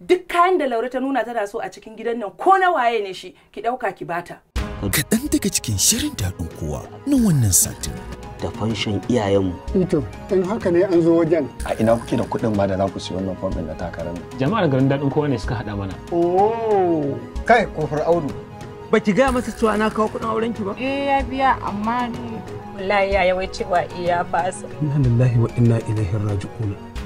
duk kayan da laure ta nuna tana so a cikin gidan nan ko na waye ne shi ki ɗauka ki bata. Kaɗan daga cikin shirin daɗin kowa na wannan satin. Da fanshin iyayenmu. Ito, in haka ne an zo wajen. A ina kuke da kuɗin ma da za ku siya wannan ɗin da takarar Jama'ar garin daɗin kowa ne suka haɗa mana. Oh, kai ko audu. Ba ki gaya masa cewa na kawo kuɗin aurenki ba? Eh ya biya amma ni. Wallahi ya yawai cewa iya eh, fasa. Inna lillahi wa inna ilaihi raji'un.